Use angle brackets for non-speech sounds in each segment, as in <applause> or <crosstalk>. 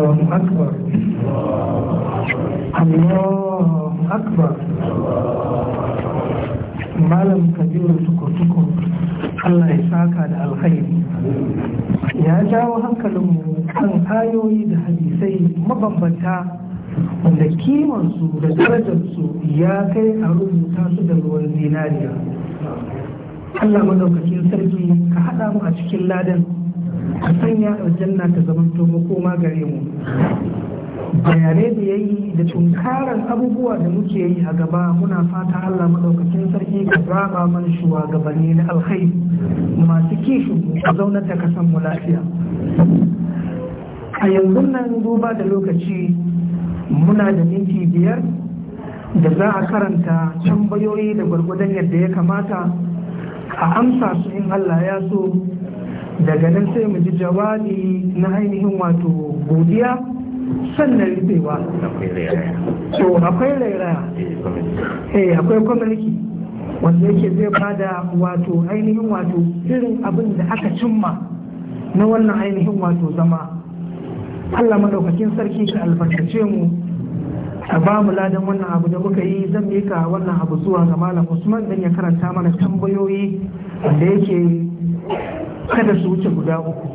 الله أكبر الله أكبر malam kabiru tukur allah ya saka da alkhairi ya jawo hankalinmu kan ayoyi da hadisai mabambanta wanda kimansu da darajarsu ya kai a rubuta su da ruwan zinariya allah madaukakin sarki ka haɗa mu a cikin ladan ka sanya aljanna ta zamanto makoma gare mu bayanai da ya yi da tunkarar abubuwa da muke yi a gaba muna fata Allah maɗaukacin sarki ka raba man shugabanni na alkhairi masu kishin a zaunar da kasan mu lafiya a yanzu nan duba da lokaci muna da minti biyar da za a karanta can bayoyi da gwargwadon yadda ya kamata a amsa su in Allah ya so daga nan sai mu ji jawabi na ainihin wato godiya sannan rufewa so akwai rairaya eh, eh akwai kwamalki wanda yake zai bada wato ainihin wato irin abin da aka cimma na wannan ainihin wato zama allah madaukakin sarki ka albarkace mu a ba mu ladan wannan abu da muka yi zan mika wannan abu zuwa ga malam usman dan ya karanta mana tambayoyi wanda yake kada su wuce guda uku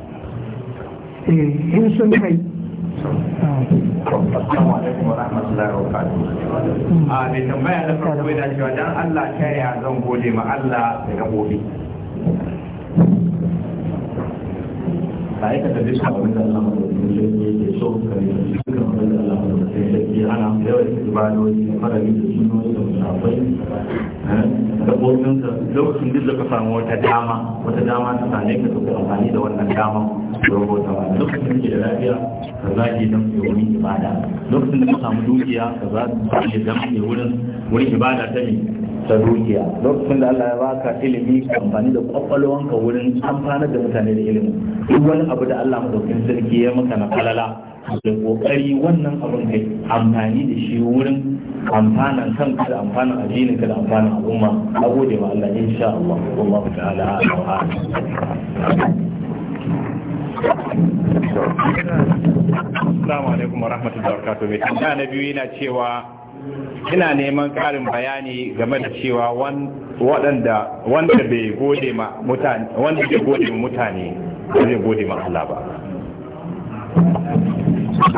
eh, in sun kai da A hmm. ah, mai tambaya na farko da cewa dan Allah ta zan gode ma Allah da gabobi. Ba ya ka da shi abin da Allah mai so ka yi shi da hana su yawan ibadoji da farari da sunoyi da musafai eh, da ƙoƙinsa lokacin duk da ka samu wata dama wata dama ta same ka suka amfani da wannan dama rubuta ba lokacin da ke da lafiya ka zage don ke wurin ibada lokacin da ka samu dukiya ka zage don ke wurin wurin ibada ta ne ta dukiya lokacin da Allah ya baka ilimi amfani da kwakwalwanka wurin amfanar da mutane da ilimi duk wani abu da Allah madaukin sarki ya maka na falala da kokari wannan abin kai amfani da shi wurin amfanan kanka da amfanan addinin kada da amfanan al'umma a gode wa Allah insha Allah wallahu ta'ala wa Assalamu alaikum wa wabarakatuh. wa barakatuh. Mai tambaya na biyu yana cewa ina neman karin bayani game da cewa waɗanda wanda bai gode ma mutane wanda bai gode ma mutane ba zai gode ma Allah ba. to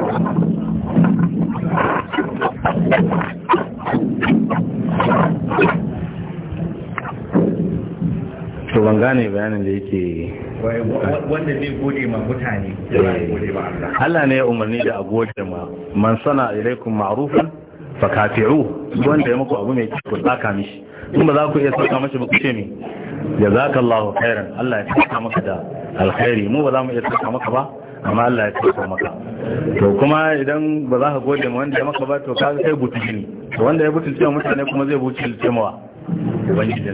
ban gane bayanin da yake wanda zai gode ma mutane eh. Allah ne ya umarni da a gode ma man sana ilaikum ma'rufan fa kafi'u wanda ya muku abu mai ku tsaka mishi in ba za ku iya tsaka mishi ba ku ce mi jazakallahu khairan Allah ya tsaka maka da alkhairi mu ba za mu iya tsaka maka ba amma Allah ya taimaka maka to kuma idan ba za ka gode ma wanda ya maka ba to ka ga sai butu gini to wanda ya butulci wa mutane kuma zai butulce mawa ubangiji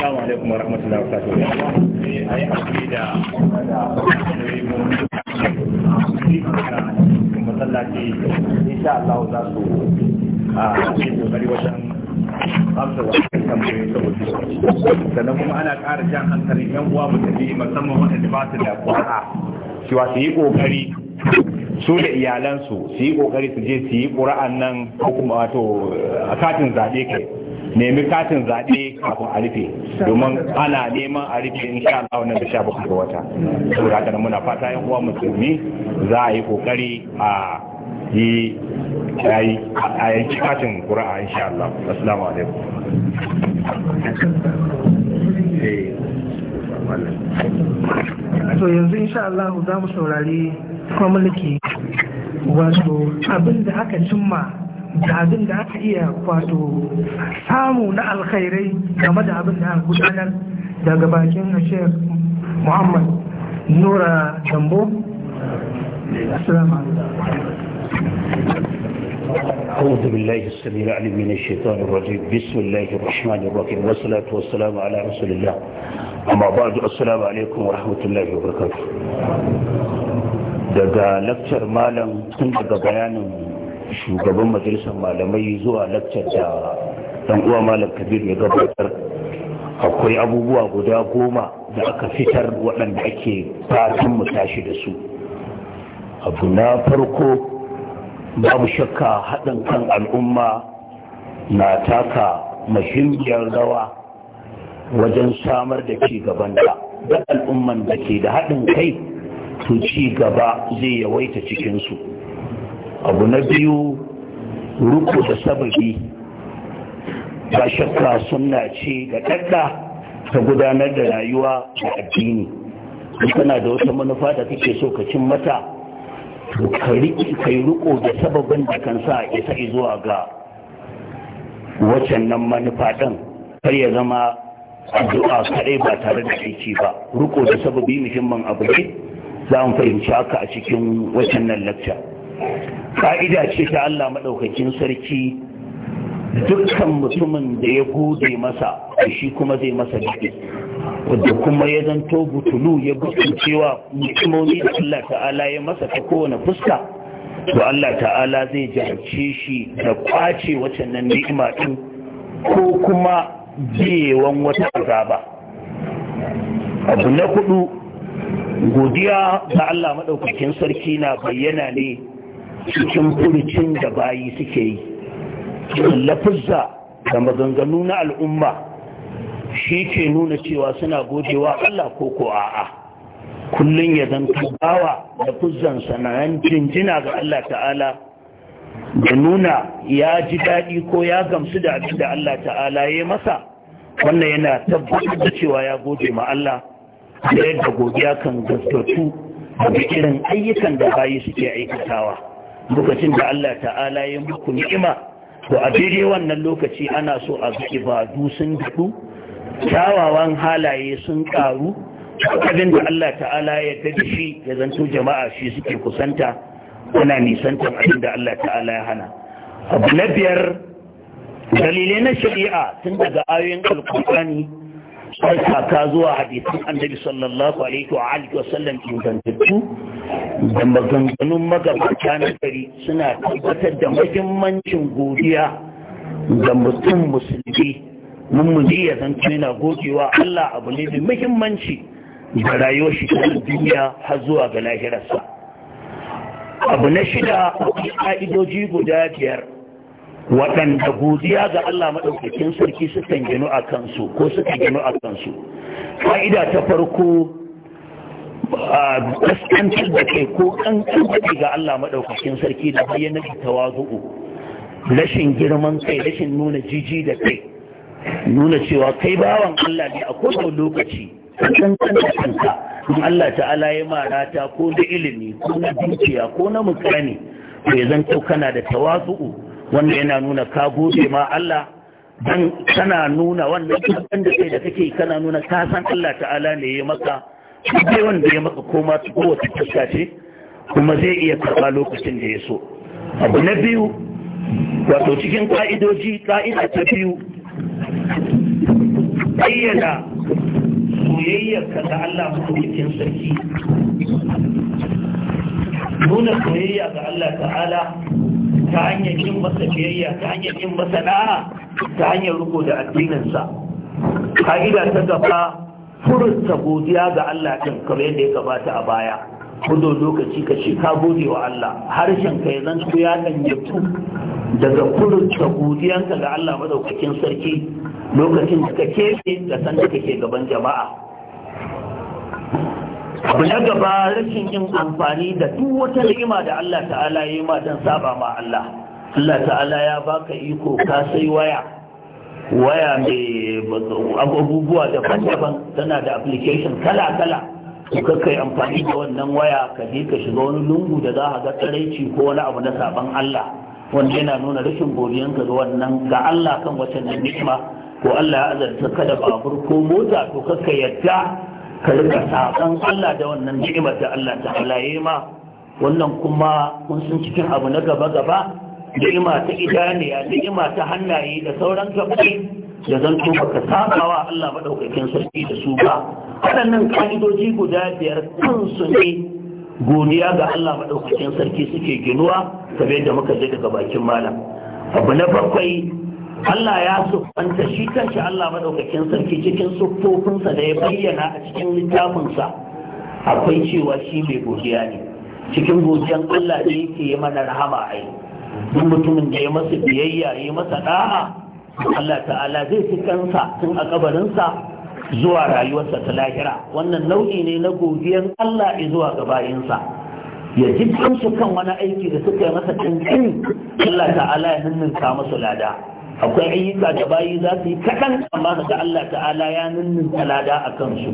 Allahu a'lam alaikum wa rahmatullahi wa da da masallaci Allah za su a cikin kokari wajen amsa wa tambayoyi saboda sannan kuma ana ƙara jan hankalin yan uwa mu tafi musamman waɗanda ba su da ƙwara cewa su yi kokari su da iyalansu su yi kokari su je su yi ƙura'an nan ko kuma wato katin zaɓe kai nemi katin zaɓe kafin a rufe domin ana neman a rufe in sha Allah wannan da sha bakwai ga wata saboda haka muna fata yan uwa musulmi za a yi kokari a yi ya yi a yanki katin ƙura'a insha Allah assalamu alaikum to yanzu insha Allah za mu saurari mulki. wato abin da aka cimma da abin da aka iya kwato samu na alkhairai game da abin da aka gudanar daga bakin shek muhammad nura jambo assalamu alaikum أعوذ بالله السميع العليم من الشيطان الرجيم بسم الله الرحمن الرحيم والصلاة والسلام على رسول الله أما بعد السلام عليكم ورحمة الله وبركاته daga lakcar malam tun daga bayanin shugaban majalisar malamai zuwa laccar da dan uwa malam Kabiru ya gabatar akwai abubuwa guda goma da aka fitar waɗanda ake fatan mu tashi da su abu na farko babu shakka haɗin kan al'umma na taka mahimmiyar rawa wajen samar da ci gaban da da al'umman da ke da haɗin kai to ci gaba zai yawaita cikinsu abu na biyu ruku da sababi ba shakka suna ce ga ɗaɗɗa ta gudanar da rayuwa da addini kana da wata manufa da kake so ka cin mata to kai riko da sababin da kan sa isa zuwa ga waccan nan manufa ɗin kar ya zama addu'a kaɗai ba tare da aiki ba riko da sababi muhimman abu ne za mu fahimci haka a cikin waccan nan lakta ka'ida ce ta Allah maɗaukakin sarki dukkan mutumin da ya gode masa shi kuma zai masa jiki wadda kuma ya zanto butulu ya cewa mutumomi da Allah ta'ala ya masa ta kowane fuska to Allah ta'ala zai jarce shi da kwace wacannan ni'ima din ko kuma biyewan wata azaba abu na hudu godiya ga Allah madaukakin sarki na bayyana ne cikin furucin da bayi suke yi lafuzza da maganganu na al'umma shi ke nuna cewa suna gojewa Allah ko ko a'a kullum ya zanta bawa da fuzzan jinjina ga Allah ta'ala da nuna ya ji daɗi ko ya gamsu da abin da Allah ta'ala ya masa wannan yana tabbatar da cewa ya goge ma Allah da yadda godiya kan gaskatu da ayyukan da bayi suke aikatawa lokacin da Allah ta'ala ya muku ni'ima to a daidai wannan lokaci ana so a ga ibadu sun dudu kyawawan halaye sun karu abin da Allah ta'ala ya ta da shi ya zanto jama'a shi suke kusanta suna nisantar abin da Allah ta'ala ya hana abu na biyar dalilai na shari'a tun daga ayoyin alkurani sai kaka zuwa hadisin annabi sallallahu alaihi wa alihi wa sallam ingantattu da maganganun magabata na gari suna tabbatar da muhimmancin godiya ga mutum musulmi mummuni ya san yana gogewa Allah abu ne mai muhimmanci ga rayuwar shi ta duniya har zuwa ga lahirarsa abu na shida akwai ka'idoji guda biyar waɗanda godiya ga Allah maɗaukakin sarki sukan gino a kansu ko suka gino a kansu fa'ida ta farko gaskantar da kai ko kai ga Allah maɗaukakin sarki da bayyana tawazu'u rashin girman kai rashin nuna jiji da kai nuna cewa kai bawan Allah ne a kowane lokaci kan in Allah ta'ala ya marata ko na ilimi ko na dukiya ko na mukani to ya zanto kana da tawazu'u wanda yana nuna ka gode ma Allah dan kana nuna wannan kan da kai da kake kana nuna ka san Allah ta'ala ne ya maka kuma wanda ya maka koma kowace ta ce kuma zai iya karɓa lokacin da ya so abu na biyu wato cikin ka'idoji ka'ida ta biyu bayyana soyayyarka ga Allah maɗaukakin sarki nuna soyayya ga Allah ta'ala ta hanyar yin masa biyayya ta hanyar yin masa na'a ta hanyar riko da addininsa ka'ida ta gaba furinta godiya ga Allah din kamar yadda ya gabata a baya kudo lokaci ka ce ka gode wa Allah harshen ka ya ɗan ya daga kudurta godiyanka ga Allah madaukakin sarki lokacin da kake ne da san da kake gaban jama'a abu na gaba rashin yin amfani da duk wata ni'ima da Allah ta'ala ya yi ma don saba ma Allah Allah ta'ala ya baka iko ka sai waya waya mai abubuwa daban-daban tana da application kala-kala ka kai amfani da wannan waya ka je ka shiga wani lungu da za a ga tsaraici ko wani abu na sabon Allah wanda yana nuna rashin godiyanka ga wannan ga Allah kan wacce nan ni'ima ko Allah ya azarta ka da babur ko mota to kaka yadda ka rika sakan Allah da wannan ni'imar da Allah ta halaye ma wannan kuma kun san cikin abu na gaba gaba ni'ima ta idaniya ni'ima ta hannaye da sauran gabai da zan to ka saba wa Allah madaukakin sarki da su ba waɗannan ka'idoji guda biyar kansu ne godiya ga Allah maɗaukakin sarki suke ginuwa kamar da muka je daga bakin malam abu na bakwai Allah ya siffanta shi kanshi Allah maɗaukakin sarki cikin siffofinsa da ya bayyana a cikin littafinsa akwai cewa shi mai godiya ne cikin godiyan Allah da yake yi mana rahama a yi duk mutumin da ya masa biyayya ya masa da'a Allah ta'ala zai fi kansa tun a kabarinsa zuwa rayuwarsa ta lahira wannan nau'i ne na godiyan Allah zuwa ga bayinsa ya ji su kan wani aiki da suka yi masa kankan Allah ta'ala ya ninninka musu lada akwai ayyuka da bayi za su yi kaɗan amma da Allah ta'ala ya ninninka lada a kansu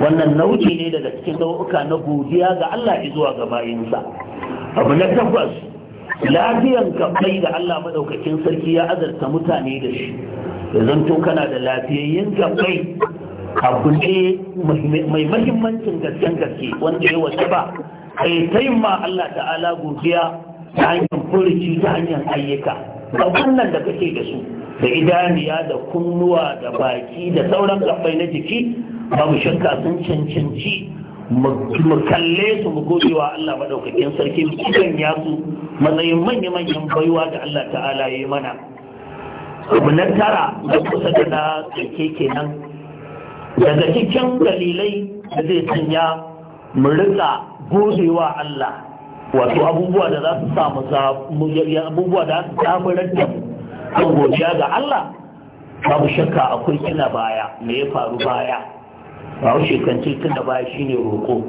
wannan nau'i ne daga cikin nau'uka na godiya ga Allah zuwa ga bayinsa abu na tabbas lafiyan kabai da Allah madaukakin sarki ya azarta mutane da shi da zanto kana da lafiyayyen gabai abu ne mai mahimmancin gasken gaske wanda ya wace ba kai ta ma Allah ta'ala godiya ta hanyar furici ta hanyar ayyuka Ba wannan da kake da su da idaniya da kunnuwa da baki da sauran gabbai na jiki babu shanka sun cancanci mu kalle su mu gode wa Allah madaukakin sarki mu ya su matsayin manya-manyan baiwa da Allah ta'ala ya yi mana abu na tara da kusa da na tsarki kenan daga cikin dalilai da zai sanya mu rika godewa Allah wato abubuwa da za su samu abubuwa da su samu ranta kan godiya ga Allah babu shakka akwai kina baya me ya faru baya ba wuce kanci tun da baya shine roko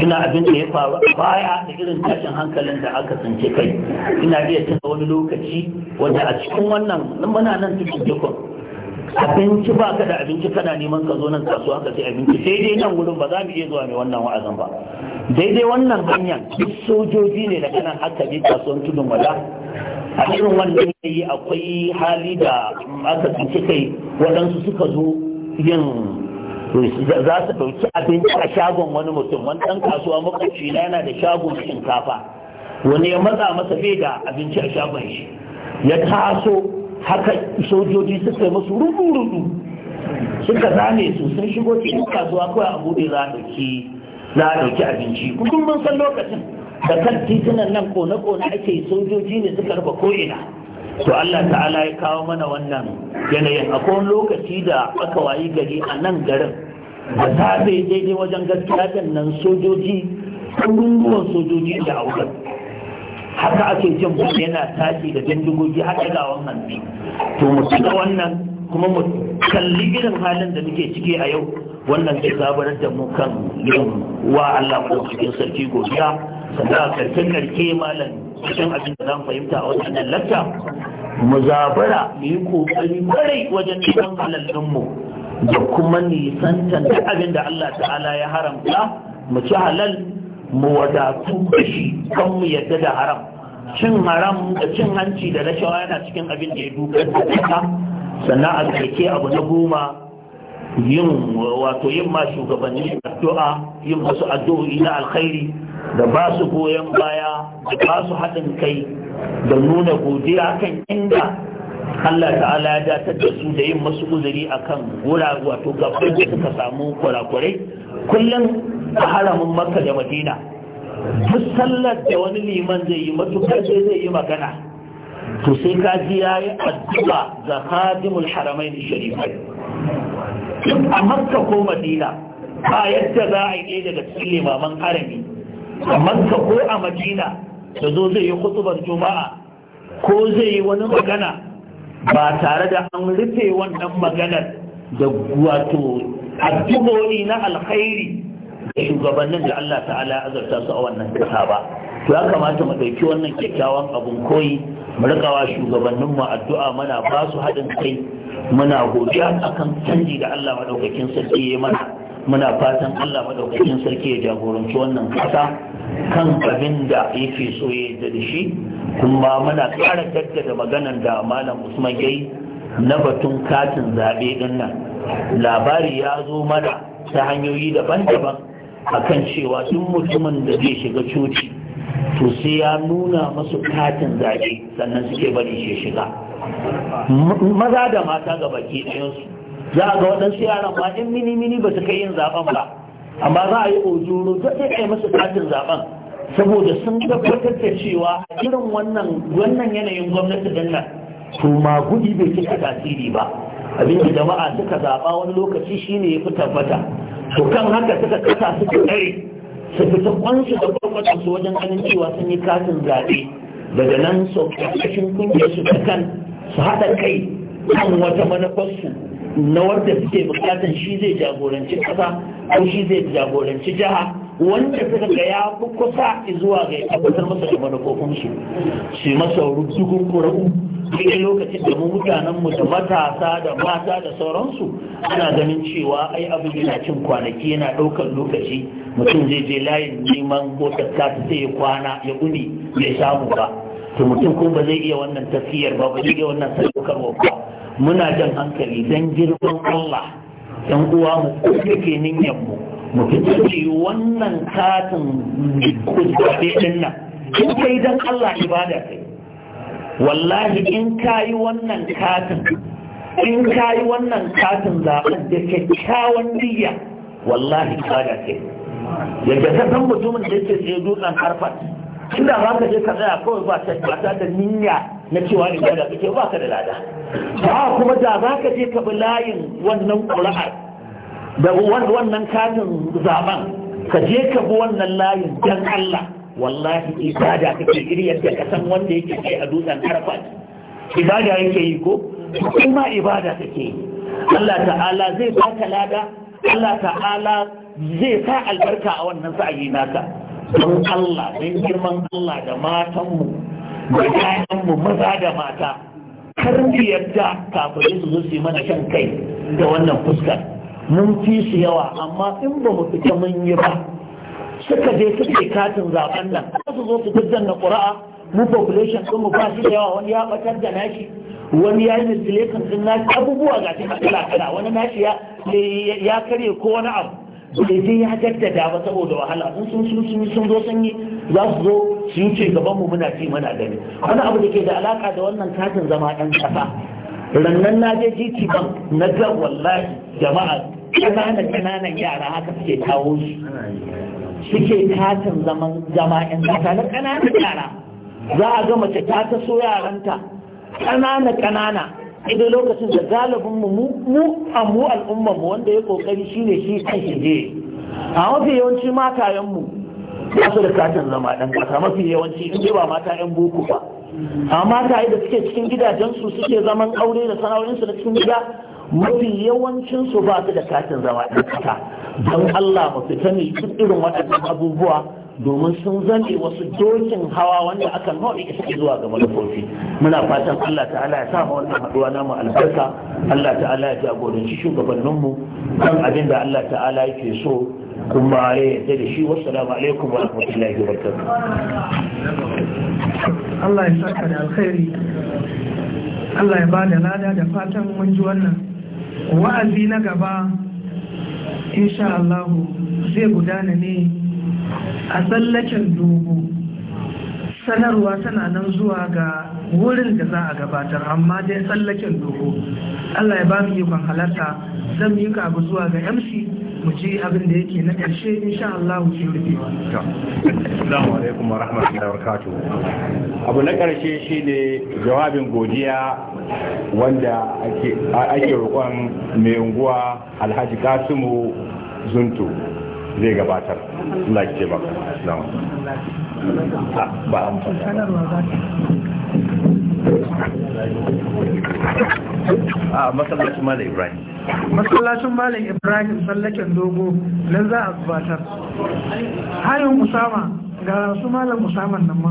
ina abin da ya faru baya da irin tashin hankalin da aka tsinci kai ina iya tuna wani lokaci wanda a cikin wannan muna nan cikin jikon abinci ba ka da abinci kana neman ka zo nan kasuwa ka sai abinci sai dai nan wurin ba za mu iya zuwa mai wannan wa'azin ba daidai wannan hanyar duk sojoji ne da kanan haka bi kasuwan tudun wala a irin wannan yayi akwai hali da aka tsinci kai waɗansu suka zo yin za su ɗauki abinci a shagon wani mutum wani ɗan kasuwa makwabci na yana da shagon shinkafa wani ya matsa masa bai da abinci a shagon shi ya taso haka sojoji suka yi masu rudu-rudu suka zane su sun shigo cikin kasuwa kawai a buɗe za a ɗauki za a ɗauki abinci kudin mun san lokacin da kan titunan nan kone-kone ake sojoji ne suka rufe ko'ina to Allah ta'ala ya kawo mana wannan yanayin akwai lokaci da aka wayi gari a nan garin da safe daidai wajen gaskiya nan sojoji ɗaruruwan sojoji da a wurin haka ake jin mutum yana tashi da bindigogi har ɗagawan hannu to mu cika wannan kuma mu kalli irin halin da muke ciki a yau wannan ke zabarar da mu kan yin wa Allah mu cikin sarki godiya sannan a karke malam cikin abin da zan fahimta a wannan lakta mu zabara mu yi kokari kwarai wajen nisan halallin mu da kuma nisantan duk abin da Allah ta'ala ya haramta mu ci halal mu wadatu da shi kan mu yadda da haram cin haram da cin hanci da rashawa yana cikin abin da ya dukar da ita sannan a abu na goma yin wato yin ma shugabanni addu'a yin wasu addu'o'i na alkhairi da ba su goyon baya da ba su haɗin kai da nuna godiya kan inda Allah ta'ala ya datar da su da yin masu uzuri akan gura wato gaban da suka samu kurakurai kullum a haramin makka da madina duk sallar da wani liman zai yi matukar sai zai yi magana to sai ka ji ya yi addu'a ga hadimul haramai da sharifai a makka ko madina a yadda za a yi daga cikin limaman harami a makka ko a madina da zo zai yi kutubar juma'a ko zai yi wani magana ba tare da an rufe wannan maganar da wato addu'o'i na alkhairi shugabannin da Allah ta'ala ya azarta su a wannan kasa ba to ya kamata mu ɗauki wannan kyakkyawan abun koyi mu rikawa shugabannin mu addu'a muna ba su haɗin kai muna godiya akan canji da Allah Maɗaukakin sarki ya mana muna fatan Allah Maɗaukakin sarki ya jagoranci wannan kasa kan abin da yake so ya yarda da shi kuma muna ƙara daddada maganar da malam Usman yayi na batun katin zaɓe ɗin nan labari ya zo mana ta hanyoyi daban-daban akan cewa duk mutumin da zai shiga coci to sai ya nuna masu katin zaɓe sannan suke bari shi shiga maza da mata ga baki ɗayansu za a ga waɗansu yaran ma ɗin mini-mini ba su kai yin zaɓen ba amma za a yi ojoro ta sai kai masu katin zaɓen saboda sun tabbatar da cewa a irin wannan wannan yanayin gwamnati din nan to ma gudi bai cika tasiri ba abin da jama'a suka zaɓa wani lokaci shine ya fi tabbata to kan haka suka kasa suka tsare su fita kwanci da kwakwata su wajen ganin cewa sun yi katin zaɓe daga nan su ƙarƙashin kungiyar su ta kan su haɗa kai kan wata manufarsu na wanda suke bukatan shi zai jagoranci ƙasa ko shi zai jagoranci jiha wanda suka ga ya fi kusa zuwa ga tabbatar masa da manufofin shi, shi masa rubutun ƙura'u cikin lokacin da mu mutanen mu da matasa da mata da sauransu ana ganin cewa ai abin yana cin kwanaki yana ɗaukar lokaci mutum zai je layin neman motar ta sai ya kwana ya uni ya samu ba to mutum kuma ba zai iya wannan tafiyar ba ba zai iya wannan sadaukarwa ba muna jan hankali dan girman Allah dan uwa mu kuke niyyar mu mutum ya ce wannan katin kusurbe ɗin nan in kai don Allah ibada kai wallahi in kayi wannan katin in kayi wannan katin zaɓen da kyakkyawan niyya wallahi ibada kai yadda ta san mutumin da yake tsaye dutsen harfat inda za ka je ka tsaya kawai ba ta da niyya na cewa ibada kake ba ka da lada ba kuma da za ka je ka bi layin wannan ƙuri'ar da wannan katin zaben ka je ka bi wannan layin dan Allah wallahi ibada kake iri yadda ka wanda yake kai a dutsen Arafat ibada yake yi ko kuma ibada kake yi Allah ta'ala zai baka lada Allah ta'ala zai sa albarka a wannan sa'ayi naka don Allah don girman Allah da matanmu da kayanmu maza da mata kar mu yadda kafin su zo su yi mana shan kai da wannan fuskar mun fi su yawa amma in ba mu fita mun yi ba suka je suke katin zaben nan su zo su gudan na ƙura'a mu population sun mu ba da yawa wani ya ɓatar da nashi wani ya yi misilation ɗin nashi abubuwa ga shi kala kala wani nashi ya karye ko wani abu daidai ya jaddada ba saboda wahala in sun sun sun sun zo sun yi za su zo su yi ce gaban mu muna ci mana gani wani abu da ke da alaka da wannan katin zama ɗan ƙasa rannan na je titi ban na ga wallahi jama'a ƙananan ƙananan yara haka suke kawo su suke katin zaman jama'in kasa na ƙananan yara za a ga mace ta taso yaranta ƙanana ƙanana ido lokacin da galibin mu mu a mu al'ummar mu wanda ya kokari shine shi ne shi je a mafi yawanci matayen mu Basu da katin zama ɗan ƙasa mafi yawanci in ba mata 'yan boko ba amma ta da suke cikin gidajensu suke zaman aure da sana'o'insu na cikin gida mafi yawancinsu ba su da katin zama ɗan ƙasa don Allah mafi fita ne duk irin waɗannan abubuwa domin sun zane wasu dokin hawa wanda aka nau'i suke zuwa ga manufofi muna fatan Allah ta'ala ya sa wannan haduwa namu albarka Allah ta'ala ya jagoranci shugabanninmu kan abin da Allah ta'ala yake so kuma ya yarda da shi wassalamu alaikum wa rahmatullahi wa barakatuh Allah ya saka da alkhairi Allah ya ba da lada da fatan mun ji wannan wa'azi na gaba insha Allah zai gudana ne a tsallaken dogo sanarwa tana nan zuwa ga wurin da za a gabatar amma dai tsallaken dogo allah ya ba mu ikon halarta zan yi abu zuwa ga mc mu ji abin da yake na ƙarshe insha Allah mu rufe Assalamu alaikum wa rahmatullahi wa Abu na ƙarshe shine jawabin godiya wanda ake ake roƙon mai unguwa Alhaji Kasimu Zuntu zai gabatar Allah ya ce ba ba a masallacin malam ibrahim masallacin malam ibrahim tsallaken dogo nan za a gabatar hayan musama, ga su malam musaman nan ma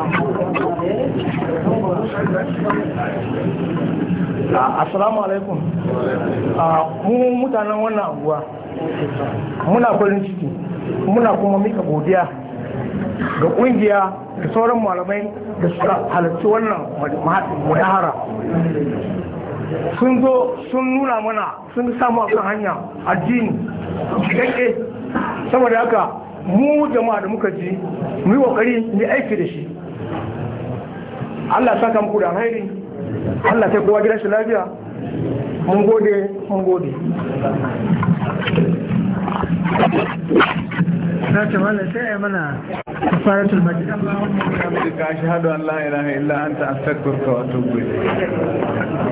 Thank <laughs> you. Ah, assalamu alaikum ah, mu mutanen wannan abuwa muna farin ciki muna kuma mika godiya ga kungiya da sauran malamai da suka halarci wannan mudahara sun zo sun nuna mana sun samu akan hanya addini cikakke saboda haka mu jama'a da muka ji mu yi kokari ne aiki da shi Allah saka muku da hairi Allah ta kowa gidan shi lafiya mun gode mun gode na ce mana sai a yi mana kafaratul majid Allahumma ya bi ka shahadu Allah ya ilaha illa anta astaghfiruka wa atubu